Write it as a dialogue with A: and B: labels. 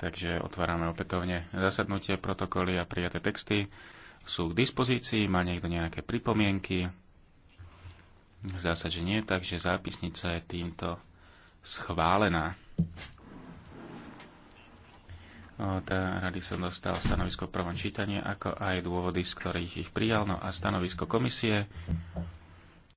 A: Takže otvárame opätovne zasadnutie, protokoly a prijaté texty. Sú k dispozícii, má niekto nejaké pripomienky? V zásade nie, takže zápisnica je týmto schválená. Tá rady som dostal stanovisko v prvom čítaní, ako aj dôvody, z ktorých ich prijal, no a stanovisko komisie.